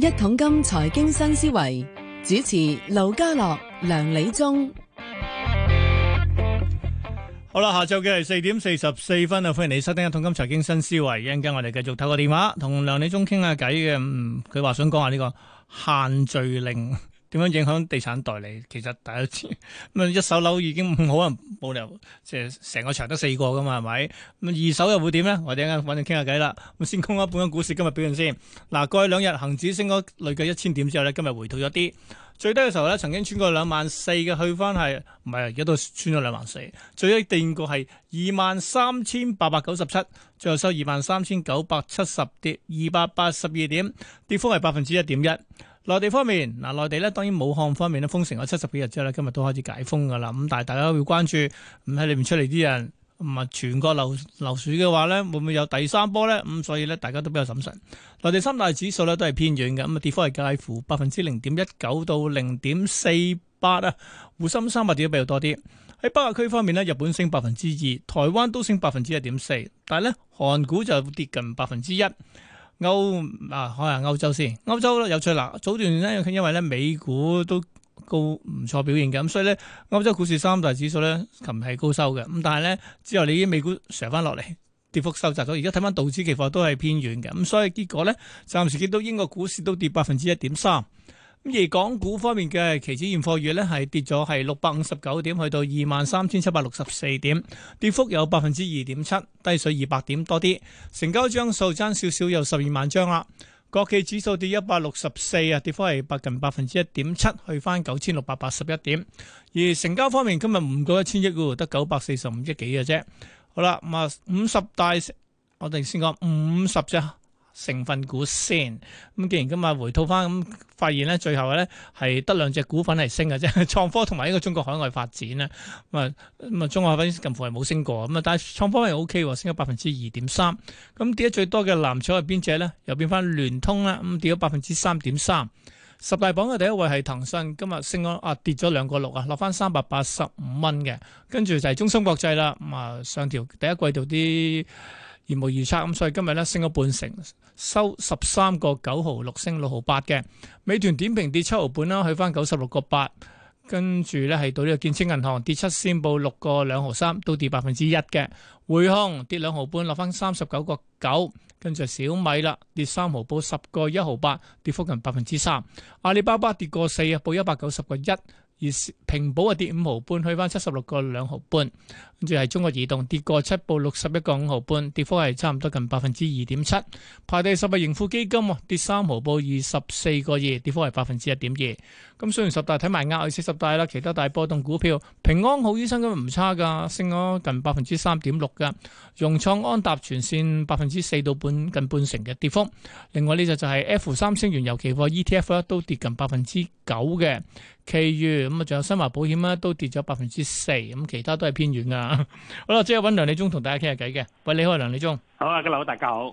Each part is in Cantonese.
一統金財經新思維，主持劉家樂、梁理中，好啦，下晝嘅係四點四十四分啊！歡迎你收聽一統金財經新思維，一陣間我哋繼續透過電話同梁理中傾下偈嘅，佢、嗯、話想講下呢個限聚令。點樣影響地產代理？其實大家知咁啊，一手樓已經可能冇留，即係成個場得四個噶嘛，係咪？咁二手又會點咧？我哋陣間揾你傾下偈啦。咁先空一本個股市今日表現先。嗱，過去兩日恒指升咗累計一千點之後咧，今日回吐咗啲，最低嘅時候咧，曾經穿過兩萬四嘅，去翻係唔係而家都穿咗兩萬四。最低定二個係二萬三千八百九十七，最後收二萬三千九百七十，跌二百八十二點，跌幅係百分之一點一。內地方面，嗱，內地咧當然武漢方面咧封城咗七十幾日之後咧，今日都開始解封噶啦。咁但係大家會關注，咁喺裏面出嚟啲人，唔係全國流流水嘅話呢，會唔會有第三波呢？咁所以咧大家都比較審慎。內地三大指數咧都係偏軟嘅，咁啊跌幅係介乎百分之零點一九到零點四八啊，滬深三百跌得比較多啲。喺北亞區方面呢，日本升百分之二，台灣都升百分之一點四，但係呢韓股就跌近百分之一。歐啊，開下歐洲先。歐洲有趣，啦早段呢因為咧美股都高唔錯表現嘅，咁所以咧歐洲股市三大指數咧琴係高收嘅。咁但係咧之後你已經美股上翻落嚟，跌幅收窄咗。而家睇翻道指期貨都係偏軟嘅，咁所以結果咧暫時見到英國股市都跌百分之一點三。而港股方面嘅期指現貨月咧係跌咗係六百五十九點，去到二萬三千七百六十四點，跌幅有百分之二點七，低水二百點多啲。成交張數爭少少，有十二萬張啦。國企指數跌一百六十四啊，跌幅係百近百分之一點七，去翻九千六百八十一點。而成交方面，今日唔到一千億，得九百四十五億幾嘅啫。好啦，咁啊，五十大我哋先講五十隻。成分股先，咁既然今日回吐翻，咁發現咧最後咧係得兩隻股份係升嘅啫，創科同埋呢個中國海外發展啦。咁啊咁啊，中海外近乎係冇升過，咁啊但係創科係 O K 升咗百分之二點三。咁跌得最多嘅藍籌係邊隻咧？又變翻聯通啦，咁跌咗百分之三點三。十大榜嘅第一位係騰訊，今日升咗啊跌咗兩個六啊，落翻三百八十五蚊嘅。跟住就係中芯國際啦，咁啊上調第一季度啲。業務預測咁，所以今日咧升咗半成，收十三個九毫六，升六毫八嘅。美團點評跌七毫半啦，去翻九十六個八。跟住咧係到呢個建設銀行跌七先，報六個兩毫三，都跌百分之一嘅。匯控跌兩毫半，落翻三十九個九。跟住小米啦，跌三毫，報十個一毫八，跌幅近百分之三。阿里巴巴跌過四啊，報一百九十個一。而平保啊跌五毫半，去翻七十六個兩毫半。跟住係中國移動跌過七步六十一個五毫半，跌幅係差唔多近百分之二點七。排第十嘅盈富基金跌三毫半二十四個二，跌幅係百分之一點二。咁雖然十大睇埋壓住四十大啦，其他大波動股票平安好醫生咁唔差噶，升咗近百分之三點六噶。融創安踏全線百分之四到半近半成嘅跌幅。另外呢隻就係 F 三星原油期貨 ETF 都跌近百分之九嘅，其餘。咁啊，仲有新華保險啊，都跌咗百分之四，咁其他都係偏軟噶。好啦，即係揾梁理中同大家傾下偈嘅。喂，你好，梁理中。好啊，各位大家好。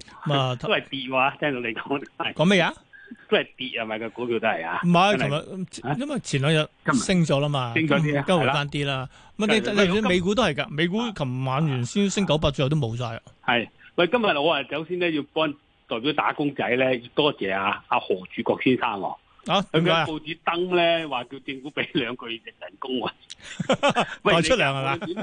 都係跌話，聽到你講講咩、這個、啊？都係跌啊，咪個股票都係啊。唔係，尋日，因為前兩日升咗啦嘛，今日回返啲啦。咁、啊、你你美股都係噶，美股琴晚原先升九百最後都冇晒。係，喂，今日我係首先咧要幫代表打工仔咧，要多謝啊啊何柱國先生。啊，佢報紙登咧，話叫政府俾兩句人工啊？喂、 哎，出糧啊？點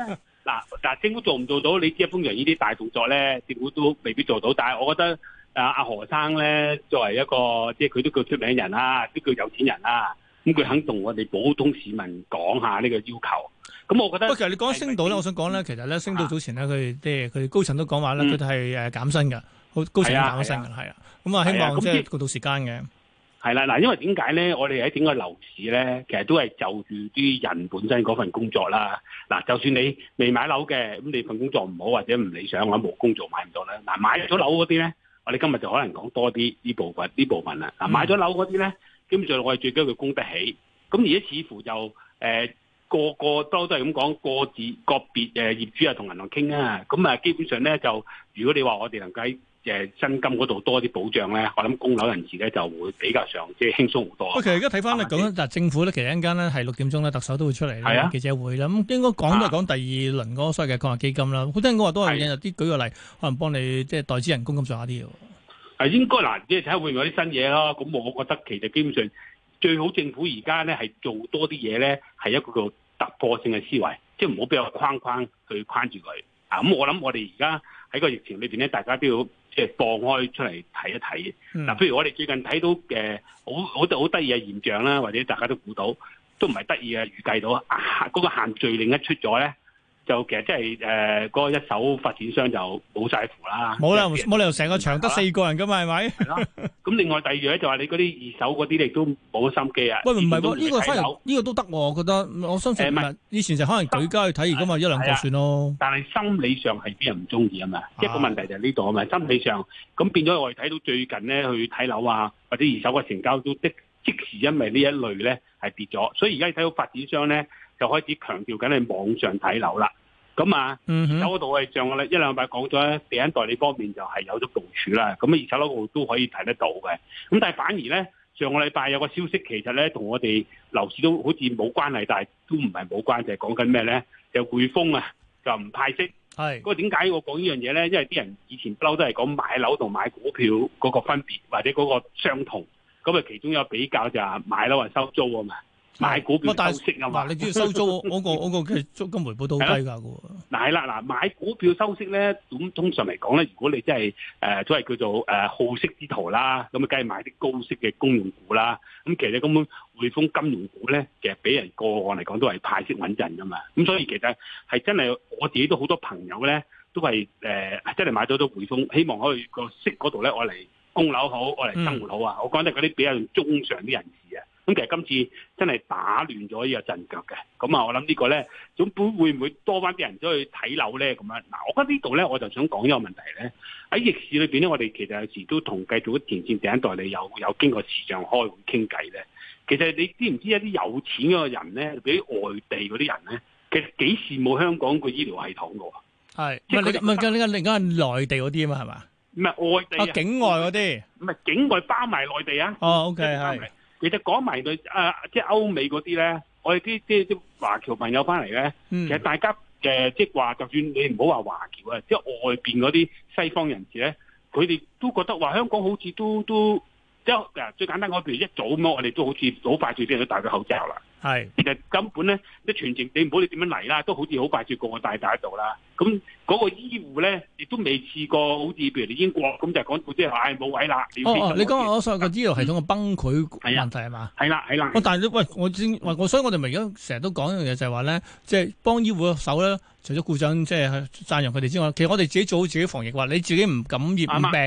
嗱嗱，政府做唔做到？你知封榮呢啲大動作咧，政府都未必做到。但係我覺得、啊，阿阿何生咧，作為一個即係佢都叫出名人啦、啊，都叫有錢人啦、啊，咁 佢、嗯、肯同我哋普通市民講下呢個要求。咁、嗯、我覺得，不過其實你講升島咧，我想講咧，其實咧升島早前咧，佢即係佢高層都講話咧，佢哋係誒減薪噶，好高層減咗薪噶，係啊。咁、嗯、啊、啊、嗯，希望即係過渡時間嘅。係啦，嗱，因為點解咧？我哋喺整個樓市咧，其實都係就住啲人本身嗰份工作啦。嗱、啊，就算你未買樓嘅，咁你份工作唔好或者唔理想，我冇工作買唔到啦。嗱、啊，買咗樓嗰啲咧，我哋今日就可能講多啲呢部分呢、嗯、部分啦。嗱、啊，買咗樓嗰啲咧，基本上我哋最緊要供得起。咁而家似乎就誒、呃、個個都都係咁講，各自個別嘅業主啊同銀行傾啊。咁啊，基本上咧就如果你話我哋能夠，誒、就、資、是、金嗰度多啲保障咧，我諗供樓人士咧就會比較上即係、就是、輕鬆好多。Okay，啊、其實而家睇翻你講嗱，政府咧其實一間咧係六點鐘咧，特首都會出嚟啦、啊，記者會啦，咁應該講都係講第二輪嗰個所謂嘅抗疫基金啦。好多人講話都係有啲舉個例，可能幫你即係代資人工咁上下啲喎。係應該嗱，即係睇會唔會有啲新嘢咯？咁我覺得其實基本上最好政府而家咧係做多啲嘢咧，係一個叫突破性嘅思維，即係唔好俾個框框去框住佢。啊，咁我諗我哋而家喺個疫情裏邊咧，大家都要。即係放開出嚟睇一睇，嗱，譬如我哋最近睇到嘅好好好得意嘅現象啦，或者大家都估到，都唔係得意嘅預計到，嗰、嗰個限聚令一出咗咧。就其實即係誒個一手發展商就冇晒符啦，冇啦冇理由成個場得四個人㗎嘛係咪？係咯。咁另外第二咧就話你嗰啲二手嗰啲你都冇心機啊。喂唔係喎，呢個可能呢個都得，我覺得，我相信以前就可能舉家去睇，而家咪一兩個算咯。但係心理上係邊人唔中意啊嘛？一個問題就係呢度啊嘛，心理上咁變咗我哋睇到最近咧去睇樓啊或者二手嘅成交都即即時因為呢一類咧係跌咗，所以而家你睇到發展商咧。就開始強調緊你網上睇樓啦，咁啊有嗰度我係上個禮一兩百講咗，第一代理方面就係有咗部署啦，咁而且嗰度都可以睇得到嘅，咁但係反而咧上個禮拜有個消息，其實咧同我哋樓市都好似冇關係，但係都唔係冇關係，講緊咩咧？就匯豐啊，就唔派息。係，嗰點解我講呢樣嘢咧？因為啲人以前不嬲都係講買樓同買股票嗰個分別或者嗰個相同，咁啊其中有比較就係買樓或收租啊嘛。買股票收息、嗯、啊嘛，嗱你只要收租我、那個， 我個個租金回報都好低噶喎、嗯。嗱係啦，嗱買股票收息咧，咁通常嚟講咧，如果你真係誒都係叫做誒好息之徒啦，咁啊梗係買啲高息嘅公用股啦。咁其實根本匯豐金融股咧，其實俾人個案嚟講都係派息穩陣噶嘛。咁所以其實係真係我自己都好多朋友咧，都係誒、呃、真係買咗都匯豐，希望可以嗰個息嗰度咧，我嚟供樓好，我嚟生活好啊、嗯。我講得嗰啲比較中上啲人士啊。咁其實今次真係打亂咗呢個陣腳嘅，咁啊，我諗呢個咧，總會會唔會多翻啲人都去睇樓咧？咁樣嗱，我覺得呢度咧，我就想講一個問題咧。喺逆市裏邊咧，我哋其實有時都同繼續啲前線第一代理有有經過市場開會傾偈咧。其實你知唔知一啲有錢嗰人咧，比外地嗰啲人咧，其實幾羨慕香港個醫療系統嘅喎。係，唔係你唔係你講你講內地嗰啲啊嘛係嘛？唔係外地、啊啊、境外嗰啲唔係境外包埋內地啊？哦，OK 係。係。其實講埋佢啊，即係歐美嗰啲咧，我哋啲啲啲華僑朋友翻嚟咧，其實大家嘅即係話就算你唔好話華僑啊，即係外邊嗰啲西方人士咧，佢哋都覺得話香港好似都都即係嗱，最簡單我譬如一早咁，我哋都好似好快就變咗戴個口罩啦。係，其實根本咧，啲全程你唔好，你點樣嚟啦，都好似好快超過我大大度啦。咁、那、嗰個醫護咧，亦都未試過好似譬如你英國咁就講，即係唉冇位啦。哦，哦，你講我所有、嗯、醫療系統嘅崩潰問題係嘛？係啦、啊，係啦、啊啊啊。但係你喂，我知，喂，我所以我哋咪而家成日都講一樣嘢，就係話咧，即係幫醫護嘅手咧，除咗鼓掌即係讚揚佢哋之外，其實我哋自己做好自己防疫嘅話，你自己唔感染唔病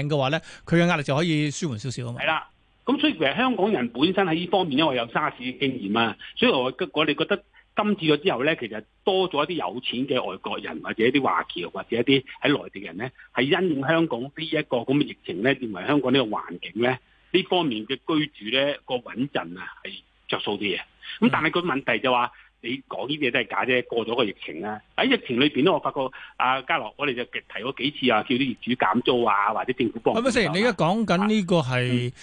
嘅話咧，佢嘅壓力就可以舒緩少少啊嘛。係啦、啊。咁所以其實香港人本身喺呢方面，因為有沙士嘅經驗啊，所以我我哋覺得今次咗之後咧，其實多咗一啲有錢嘅外國人，或者一啲華僑，或者一啲喺內地人咧，係因應香港呢一個咁嘅疫情咧，認為香港呢個環境咧，呢方面嘅居住咧個穩陣啊係着數啲嘢。咁但係個問題就話，你講呢啲嘢都係假啫。過咗個疫情啊，喺疫情裏面咧，我發覺阿、啊、嘉樂，我哋就提過幾次啊，叫啲業主減租啊，或者政府幫、啊。咁唔係先，你而家講緊呢個係？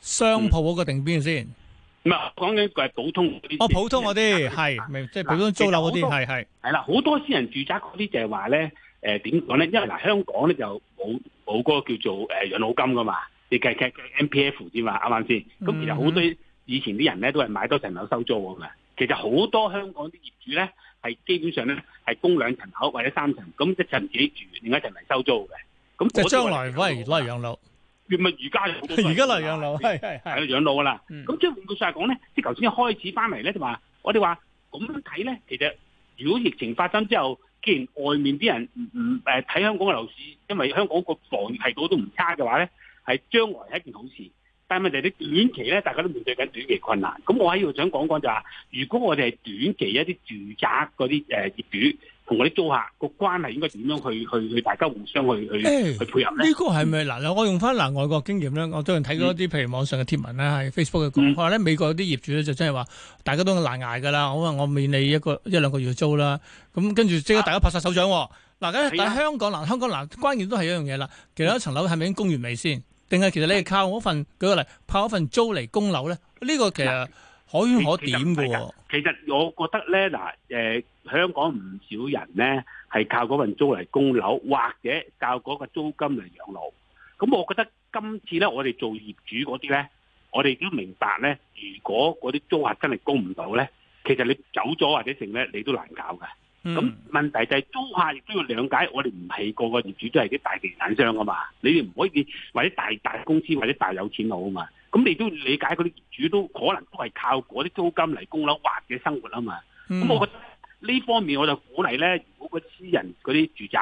商鋪嗰個定邊先？唔係講緊係普通嗰啲，哦普通嗰啲係，明、嗯、即係普通租樓嗰啲，係係係啦，好多私人住宅嗰啲就係話咧，誒點講咧？因為嗱香港咧就冇冇嗰個叫做誒養、呃、老金噶嘛，你計計 M P F 啫嘛，啱唔啱先？咁、嗯、其實好多以前啲人咧都係買多層樓收租噶，其實好多香港啲業主咧係基本上咧係供兩層樓或者三層，咁一層自己住，另一層嚟收租嘅。咁即係將來可以攞嚟養老。越而家而家嚟養老，係係係養老噶啦。咁即係換句話講咧，即係頭先一開始翻嚟咧就話，我哋話咁樣睇咧，其實如果疫情發生之後，既然外面啲人唔誒睇香港嘅樓市，因為香港個房係度都唔差嘅話咧，係將來係一件好事。但係問題，你短期咧，大家都面對緊短期困難。咁我喺度想講講就話、是，如果我哋係短期一啲住宅嗰啲誒業主。同啲租客個關係應該點樣去去去大家互相去去、哎、去配合呢？呢、呢個係咪嗱？我用翻嗱外國經驗咧，我都睇到一啲譬、嗯、如網上嘅貼文咧，係 Facebook 嘅講法、嗯、咧美國有啲業主咧就真係話，大家都難捱噶啦，好啊,我免你一個一兩個月租啦。咁跟住即刻大家拍晒手掌喎。嗱、啊，但香港嗱、啊、香港嗱，港關鍵都係一樣嘢啦。其實一層樓係咪已經供完未先？定係其實你係靠嗰份舉個例，靠嗰份租嚟供樓咧？呢、呢個其實可圈可點嘅。其實我覺得咧，嗱、呃香港唔少人咧，係靠嗰份租嚟供樓，或者靠嗰個租金嚟養老。咁我覺得今次咧，我哋做業主嗰啲咧，我哋都明白咧，如果嗰啲租客真係供唔到咧，其實你走咗或者剩咧，你都難搞嘅。咁問題就係，租客亦都要理解，我哋唔係個個業主都係啲大地產商啊嘛，你哋唔可以或者大大公司或者大有錢佬啊嘛。咁你都理解嗰啲業主都可能都係靠嗰啲租金嚟供樓或者生活啊嘛。咁我覺得。呢方面我就鼓勵呢，如果個私人嗰啲住宅，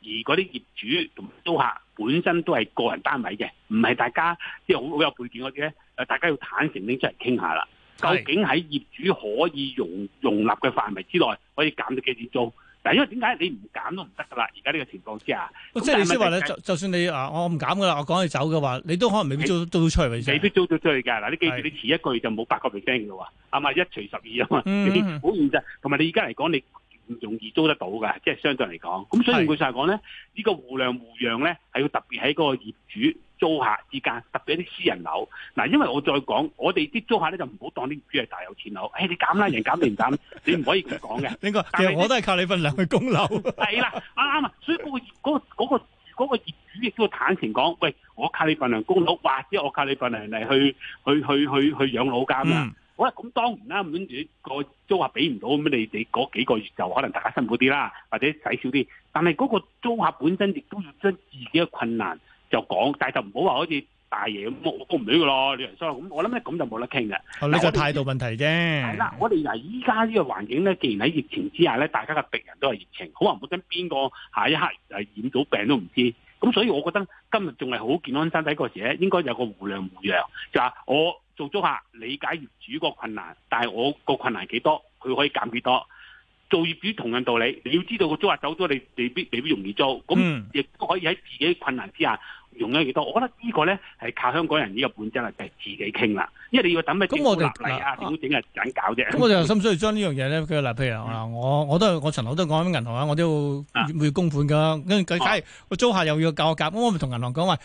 而嗰啲業主同租客本身都係個人單位嘅，唔係大家，即係好好有背景嗰啲呢，大家要坦誠啲出嚟傾下啦。究竟喺業主可以容容納嘅範圍之內，可以減到幾多租？嗱，因為點解你唔減都唔得噶啦？而家呢個情況之下，即係、啊、你先話咧，就就算你啊，我唔減噶啦，我講你走嘅話，你都可能未必租到的出去未必租到出去噶。嗱的，你記住，你遲一個月就冇八個月 percent 嘅係嘛一除十二啊嘛，好、嗯、現實。同埋你而家嚟講，你唔容易租得到噶，即係相對嚟講。咁所以呢，老實講咧，呢個互量互讓咧，係要特別喺嗰個業主。租客之間，特別啲私人樓，嗱，因為我再講，我哋啲租客咧就唔好當啲主係大有錢佬，誒、哎，你減啦，人減定唔減， 你唔可以咁講嘅。應 該，其實我都係靠你份糧去供樓。係 啦，啱啱啊，所以嗰、那個嗰、那個、那個、那個那個業主亦都要坦誠講，喂，我靠你份糧供樓，或者我靠你份糧嚟去去去去去養老金啊、嗯。好啦，咁、嗯、當然啦，跟、那、住個租客俾唔到咁，那你哋嗰幾個月就可能大家辛苦啲啦，或者使少啲。但係嗰個租客本身亦都要將自己嘅困難。就講，但係就唔好話好似大爺咁，我我唔理噶咯，你人嗦。咁我諗咧，咁就冇得傾嘅。呢、這個態度問題啫。係啦，我哋嗱，依家呢個環境咧，既然喺疫情之下咧，大家嘅敵人都係疫情，好話唔好聽，邊個下一刻誒染到病都唔知。咁所以，我覺得今日仲係好健康身體嗰時咧，應該有個互諒互讓，就話、是、我做租客理解業主個困難，但係我個困難幾多，佢可以減幾多。做業主同樣道理，你要知道個租客走咗，你必未必，未必容易租。咁亦都可以喺自己的困難之下。嗯用咗幾多，我覺得呢個咧係靠香港人呢個本質啊，就係、是、自己傾啦。因為你要等咩？咁我哋立例啊，點樣整啊，盞搞啫。咁我就心需要將呢樣嘢咧，嗱，譬如嗱，我我都我陳老都講緊銀行啊，我都要每月供款噶。跟住佢假如個租客又要交押金，咁我咪同銀行講話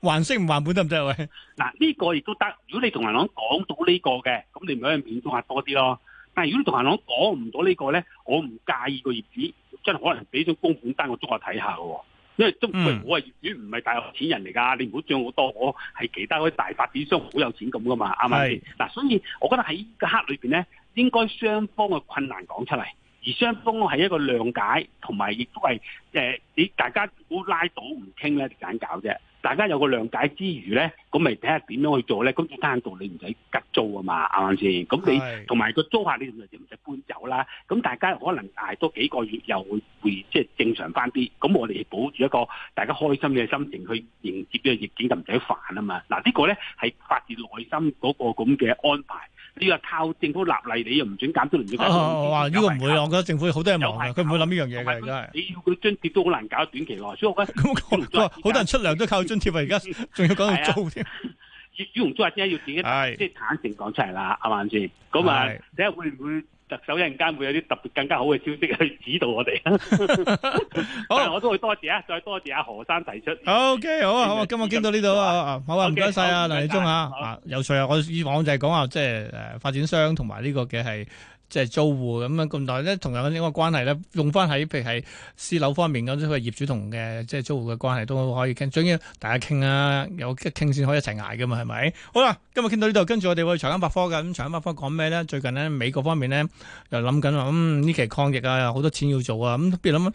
還息唔還本得唔得啊？喂，嗱、啊、呢、呢個亦都得。如果你同銀行講到呢、呢個嘅，咁你咪可以免租客多啲咯。但係如果你同銀行講唔到呢、呢個咧，我唔介意個業主真係可能俾咗供款單我租客睇下噶。因為都我係業主，唔係大有錢人嚟㗎，你唔好將好多。我係其他嗰啲大發展商好有錢咁噶嘛，啱唔啱先？嗱，所以我覺得喺呢一刻裏邊咧，應該雙方嘅困難講出嚟，而雙方係一個諒解，同埋亦都係誒你大家如果拉到唔傾咧，就盞搞啫。大家有個諒解之餘咧，咁咪睇下點樣去做咧？咁一間度你唔使急租啊嘛，啱啱先？咁你同埋個租客你就唔使搬走啦。咁大家可能挨多幾個月又會會即係正常翻啲。咁我哋保住一個大家開心嘅心情去迎接呢個逆境，就唔使煩啊嘛。嗱，呢個咧係發自內心嗰個咁嘅安排。呢個靠政府立例，你又唔準減租，唔準加租、哦。哇！呢、呢個唔會我覺得政府好多嘢忙，佢唔會諗呢樣嘢嚟嘅。你要佢津貼都好難搞短期內，所以我覺得好 多人出糧都靠津貼、嗯、做啊！而家仲要講到租添，要唔租啊？先要，要，要自己是即係坦誠講出嚟啦，係咪先？咁啊是，睇下會唔會？特首一陣間會有啲特別更加好嘅消息去指導我哋 好。 好，我都會多謝啊，再多謝阿何生提出。O、okay, K，好啊好啊，今日傾到呢度啊，好啊，唔該晒啊，梁理中啊，啊、okay, 有趣啊，我以往就係講啊，即係誒發展商同埋呢個嘅係。即、就、係、是、租戶咁樣咁耐咧，同樣嗰啲個關係咧，用翻喺譬如係私樓方面咁，即係業主同嘅即係租戶嘅關係都可以傾，總之大家傾啊，有得傾先可以一齊捱噶嘛，係咪？好啦，今日傾到、嗯、呢度，跟住我哋會去長安百科嘅，咁長安百科講咩咧？最近咧美國方面咧又諗緊話呢期抗疫啊，好多錢要做啊，咁不如諗緊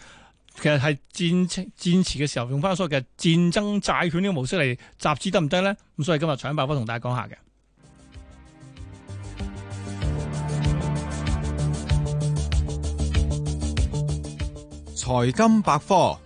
其實係戰戰時嘅時候，用翻所謂嘅戰爭債券呢個模式嚟集資得唔得咧？咁、嗯、所以今日長安百科同大家講下嘅。財經百科。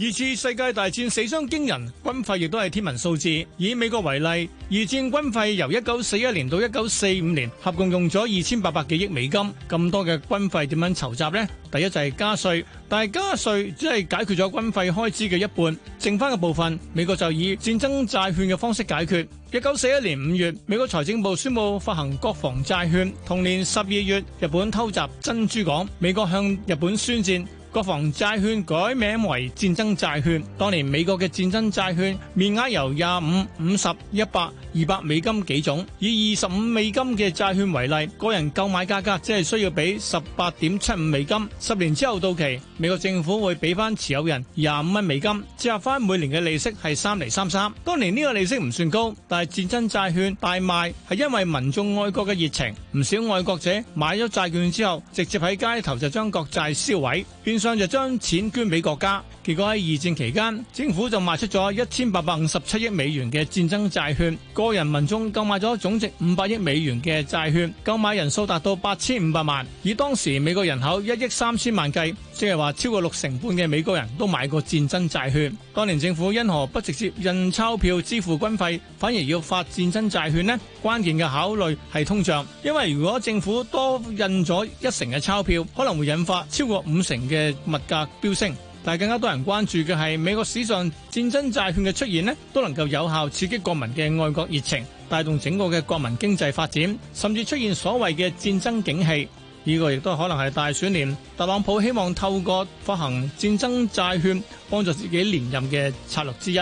二次世界大戰死傷驚人，軍費亦都係天文數字。以美國為例，二戰軍費由一九四一年到一九四五年合共用咗二千八百幾億美金。咁多嘅軍費點樣籌集呢？第一就係加稅，但係加稅只係解決咗軍費開支嘅一半，剩翻嘅部分美國就以戰爭債券嘅方式解決。一九四一年五月，美國財政部宣布發行國防債券。同年十二月，日本偷襲珍珠港，美國向日本宣戰。國防債券改名為戰爭債券。當年美國嘅戰爭債券面額由廿五、五十、一百、二百美金幾種，以二十五美金嘅債券為例，個人購買價格只係需要俾十八點七五美金。十年之後到期，美國政府會俾翻持有人廿五蚊美金，折合返每年嘅利息係三厘三三。當年呢個利息唔算高，但係戰爭債券大賣係因為民眾愛國嘅熱情，唔少愛國者買咗債券之後，直接喺街頭就將國債燒毀。上就將錢捐俾國家，結果喺二戰期間，政府就賣出咗一千八百五十七億美元嘅戰爭債券，個人民眾購買咗總值五百億美元嘅債券，購買人數達到八千五百萬，以當時美國人口一億三千萬計。即係話，超過六成半嘅美國人都買過戰爭債券。當年政府因何不直接印鈔票支付軍費，反而要發戰爭債券呢？關鍵嘅考慮係通脹，因為如果政府多印咗一成嘅鈔票，可能會引發超過五成嘅物價飆升。但更加多人關注嘅係，美國史上戰爭債券嘅出現呢都能夠有效刺激國民嘅愛國熱情，帶動整個嘅國民經濟發展，甚至出現所謂嘅戰爭景氣。呢、這個亦都可能係大選年，特朗普希望透過發行戰爭債券幫助自己連任嘅策略之一。